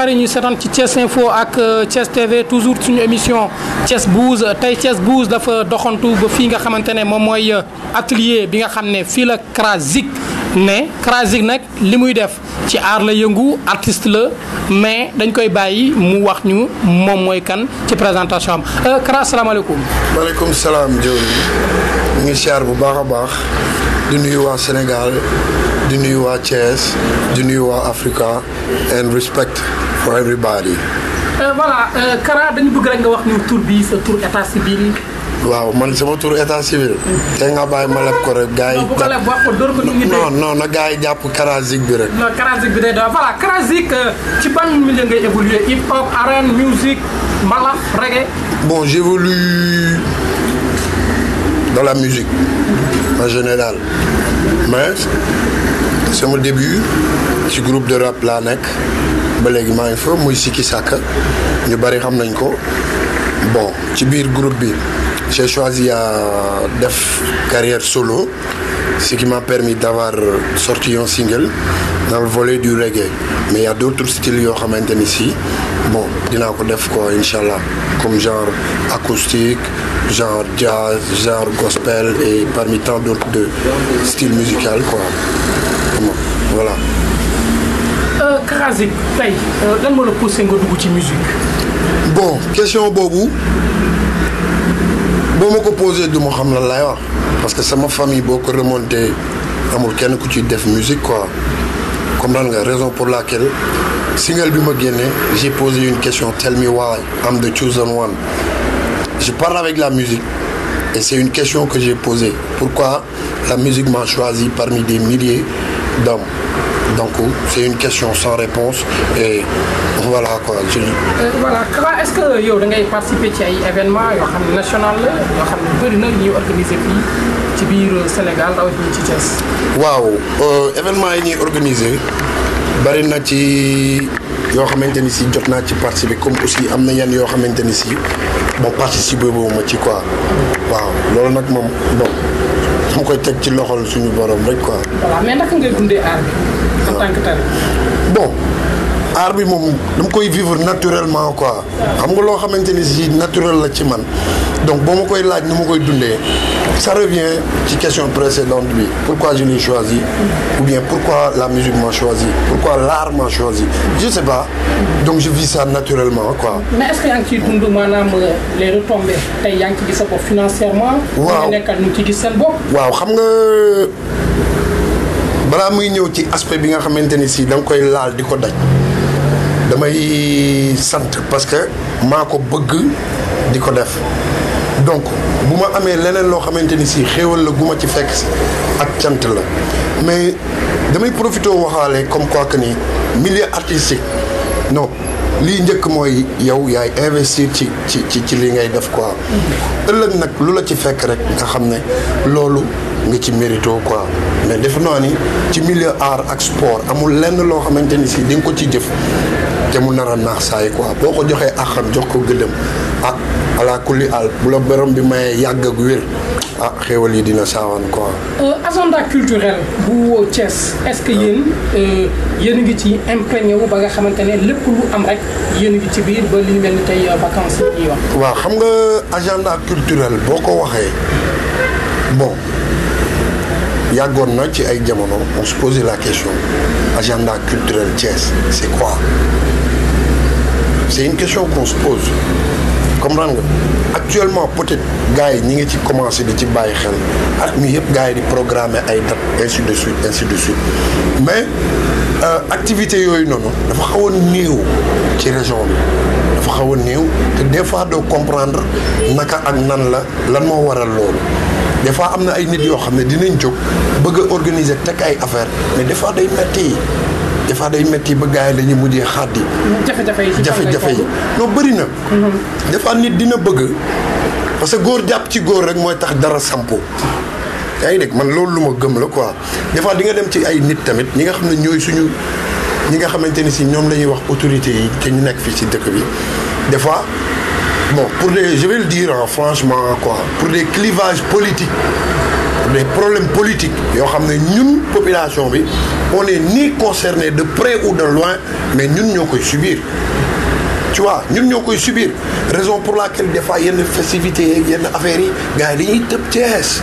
yaakaar yi ñuy ci Thiès Info ak euh, Thiès TV toujours une émission Thiès Buzz tay Thiès Buzz dafa doxantu ba fi nga xamante ne moom euh, atelier bi nga xam ne fii la Krasik ne Krasik nag li muy def ci aar la yëngu artiste le mais dañ koy bàyyi mu wax ñu moom mooy kan ci présentation am euh, Kras salaamaaleykum. maaleykum salaam Diop ñu ngi siyaar bu baax a baax di nuyu waa Sénégal. di nuyu waa Thiès di nuyu waa Africa and respect for everybody. Euh, euh, dañu bëgg rek nga wax ñu tur bi sa tur état civil. waaw man sama tur état civil. Mm. te nga bàyyi ma leb ko rek. gaa yi non non na gaa yi jàpp Kara Zik bi rek. non Kara Zik bi day doon voilà Kara Zik euh, ci ban milieu ngay évoluer hip hop arène musique mbalax reggae. bon j'évolue dans la musique en général mais c'est début. ci groupe de rap là nek ba légui ma ngi fa muy ñu bari xam nañ ko bon groupe bi j'ai choisi à carrière solo ce qui m'a permis d'avoir sorti un single dans le volet du reggae mais il y a d'autres styles yo xamante maintenant ici. bon y ko def ko comme genre acoustique genre jazz genre gospel et parmi tant d'autres styles musicaux quoi voilà euh, musique. bon question Bobou. Bon, ma je vais de ma xam parce que c'est ma famille remontée. remonter à amul pas ku ci def musique quoi comprendre la raison pour laquelle single bi j'ai posé une question tell me why I'm the chosen one je parle avec la musique. Et c'est une question que j'ai posée. Pourquoi la musique m'a choisi parmi des milliers d'hommes donc c'est une question sans réponse et voilà quoi. Euh, voilà est-ce que yo da ngay participer ci ay événements national la yoo xam na ñuy organiser fii ci biir euh, Sénégal rawatina ci Thiès. waaw euh, événements yi ñuy organiser bëri na ci yo xamante ni si jot ci participer comme aussi amna na yenn yoo xamante ci si bon participer boobu ma ci quoi waaw loolu nak mom bon. mu koy teg ci loxol suñu boroom rek quoi. voilà mais naka ngay dundee aar bi en tant bon. art bi mom dam koy vivre naturellement quoi xam nga à maintenir ni si naturel la ci man donc bon, koy laaj nu ma koy dundé ça revient ci question précédente bi pourquoi je l'ai choisi ou bien pourquoi la musique m'a choisi pourquoi l'art m'a choisi je sais pas donc je vis ça naturellement quoi. mais est-ce que y a ciy dund maanaam euh, les retombées tay yaa ngi sa bopp financièrement. Wow. ñu nekkal ñu ci gis seen bopp. waaw xam nga. balaa muy ci aspect bi nga xamante ni si koy laal diko daj damay sant parce que maa ko bëgg di ko def donc bu ma amee leneen loo xamante ni si xéewal la gu ma ci fekk si ak cant la mais damay profité waxaale comme quoi que ni milieu artistique non lii njëkk mooy yow yaay investir ci ci ci ci li ngay def quoi. ëllëg nag lu la ci fekk rek nga xam ne loolu nga ci mérito quoi mais def naa ni ci milieu art ak sport amul lenn loo xamante ni si di nga ko ci jëf. te mu nar a naax saa yi boo ko joxee àqam jox ko gëddëm ah ala kulli àll bu la borom bi mayee yàgg ak wér ah xéwal yi dina saawaan quoi. Euh, agenda culturel bu Thiès est-ce que yéen euh, yéen a ngi ci imprégné wu ba nga xamante ne lépp lu am rek yéen a ngi ci biir ba li ñu mel ni tey euh, vacances yi ñuy wax. waaw xam nga agenda culturel boo ko waxee bon. y na ci ay jamono on se posait la question agenda culturel c'est quoi c'est une question qu'on se pose comprendre actuellement peut-être que les gens ngi ci commencé à ci faire ah, ainsi de suite ainsi de suite mais euh, activité nous, faut dafa xaw région dafa te des fois de comprendre naka ak la des fois am na ay nit yoo xam ne dinañ jóg bëgg a organiser teg ay affaire mais des fois day metti yi des fois day metti ba gars yi dañuy mujjee xaddi jafe-jafe yi jafe-jafe yi non bëri na mhm. defaa nit dina bëgg parce que góor jàpp ci góor rek mooy tax dara sampo yaa ngi dégg man loolu lu ma gëm la quoi des fois nga dem ci ay nit tamit ñi nga xam ne ñooy suñu ñi nga xamante ni si ñoom la ñuy wax autorité yi te ñu nekk fii ci dëkk bi des fois bon, pour je vais le dire hein, franchement, quoi, pour des clivages politiques, pour des problèmes politiques, yo xamné ñun population oui on n'est ni concerné de près ou de loin, mais nous pouvons que subir. Tu vois, nous pouvons que subir. Raison pour laquelle des fois a festivités, affaire, affaires y a une pièce.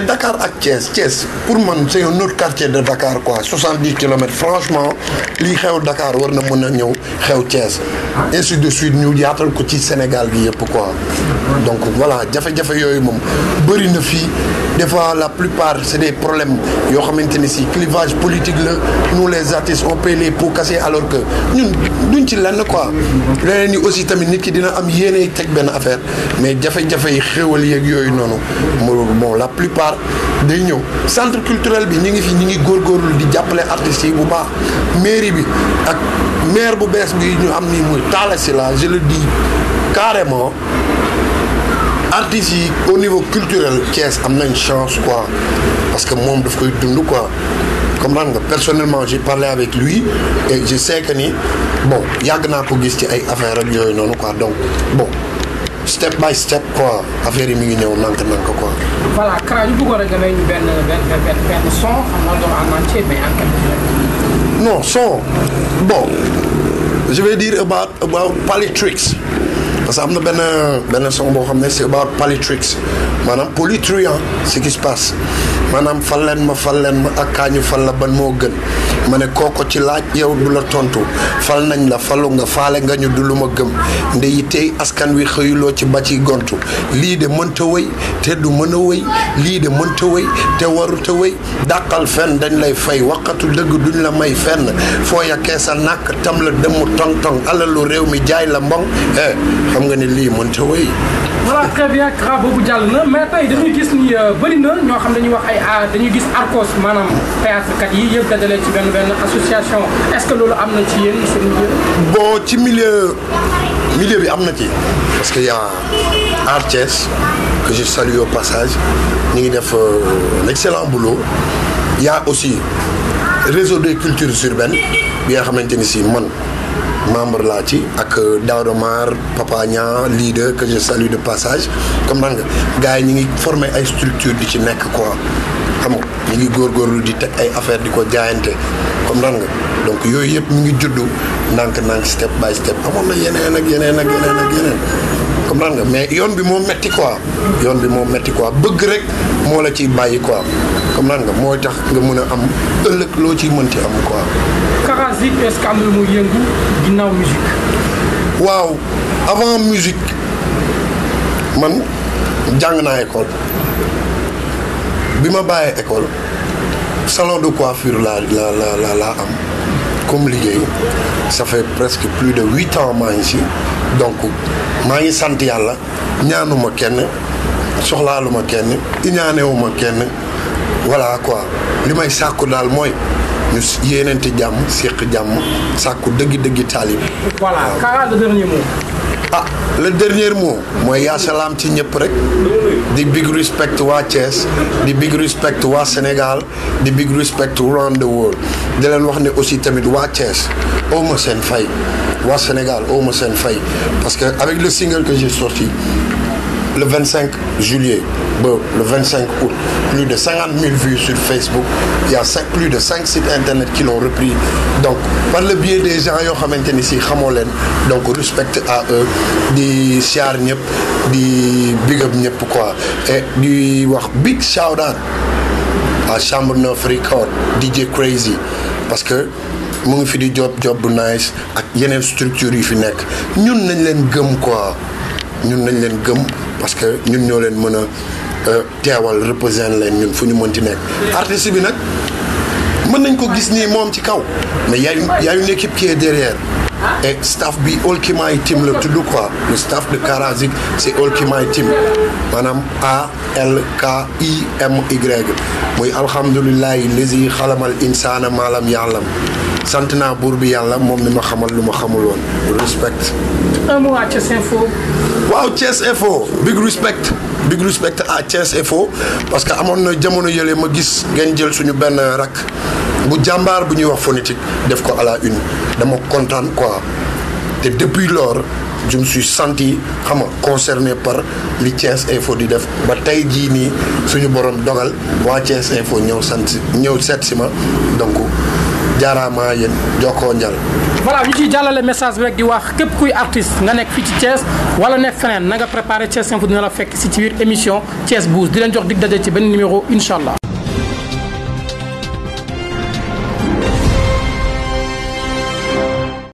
Dakar à Thiès Thiès pour moi, c'est un autre quartier de Dakar quoi 70 km. franchement les Dakar war na Thiès ainsi de suite Sénégal donc voilà jafe fait, des fille, des fois la plupart c'est des problèmes y clivage politique nous les artistes on pour les alors que Nous, nous, nous, nous, quoi nous, nous, aussi nous, nous, nous, nous mais la plupart départ day centre culturel bi ñu ngi fi gor gor lu di jappalé artistes yi bu baax mairie bi ak maire bu bes bi ñu am ni muy je le dis carrément artistes au niveau culturel Thiès am nañ chance quoi parce que mom daf koy dund quoi comme nga personnellement j'ai parlé avec lui et je sais que ni bon yag na ko gis ci ay affaire ak yooyu nonu quoi donc bon step by step quoi affaire on mi ngi quoi voilà Kara ñu bëggoon a demee ñu benn benn benn benn son xam nga doomu en entier mais en quelque non son bon je vais dire about about politics parce que am na benn benn son boo xam ne c'est about politics maanaam politruand ce qui se passe. maanaam fal leen ma fal leen ma ak kaañu fal la ban moo gën ma ne kooko ci laaj yow du la tontu fal nañ la falu nga fale nga ñu du lu ma gëm nde yittey askan wi xëyuloo ci ba ci gontu lii de mënta wëy te du mën a wëy lii de mënta wëy te waruta wëy dàqal fenn dañ lay fay waxatu dëgg duñu la may fenn foo yakee sa nàkk tam la dëmm tong tong alalu réew mi jaay la mbong eh xam nga ne lii mënta wëy voilà très bien travaux beaucoup jàll na mais tey dañuy gis ni euh, bëri na ñoo xam dañuy wax ay a dañuy gis arcos manam théâtre kat yi yëpp dajale ci ben ben association est-ce que loolu am na ci milieu bon ci milieu milieu bi am ci parce qu'il y a Art que je salue au passage ñu ngi fait euh, un excellent boulot Il y a aussi réseau de culture urbaine. bi nga xamante ici si man membre la ci ak daudo Mar Papa nya leader que je salue de passage comme nga gaay ñi ngi former ay structure di ci nek quoi xam nga ñi ngi lu di tek ay affaire di ko jaayante comprendre nga donc yoy yep mi ngi juddu ndànk step by step amon na yeneen ak yeneen ak yeneen ak yeneen comprendre nga mais yoon bi mo metti quoi yoon bi mo metti quoi beug rek mo la ci bayyi quoi comprendre nga mo tax nga mën am euleuk lo ci mënti am quoi. karazi est ce que am na musique. waaw avant musique man jang na école bima baye école salon de coiffure la la la la la am comme liggéey ça fait presque plus de 8 ans maa ici donc ma ngi sante yalla ñaanuma kenn soxlaaluma kenn iñaanewuma kenn voilà quoi saco may dal moy ñu jamm saco de deug de voilà le dernier mot ah le dernier mot ci big respect to Thiès the big respect to Sénégal the big respect around the world di wax ne aussi tamit waa Thiès ma Sénégal parce que avec le single que j'ai sorti le 25 juillet, le 25 août, plus de 50 000 vues sur Facebook. Il y a plus de 5 sites internet qui l'ont repris. Donc, par le biais des gens qui ont maintenu ici, donc respect à eux, des siar des big up quoi. Et big shout out à Chambre 9 Record, DJ Crazy. Parce que mon ngi fi di job job nice structure yi fi nekk ñun Nous Nous quoi ñun parce que ñun nous leen mën a euh, teewal représenter leen ñun fu ñu artiste bi maintenant mën nañ ko gis petit moom ci kaw mais y a une y a une équipe qui est derrière. et staff bi All Kimay Team la tudd quoi le staff de Karazik c'est All Kimay Team madame A L K I M Y muy alhamdulilahi lazi xalamal insana malam yaalam Santina Burbi, yalla mom ni ma xamal luma xamul won respect. un mot à Info. Wow, chess Info big respect big respect à Thiès Info parce que amoon na jamono yele ma gis gën jël suñu ben rak bu jambar, bu ñuy wax phonétique def ko à la une dama content quoi te depuis lors je me suis senti xam concerné par li Info du def ba tey jii nii suñu borom dogal waa Thiès Info nous sant ñëw seet si ma donc. jaaraama yéen jokkoo njal voilà ñu ciy jàllale message bi rek di wax képp kuy artiste nga nekk fii ci Thiès wala nekk feneen na nga préparé Thiès Info dina la fekk si ci biir émission Thiès Buzz di leen jox dig daje ci benn numéro incha allah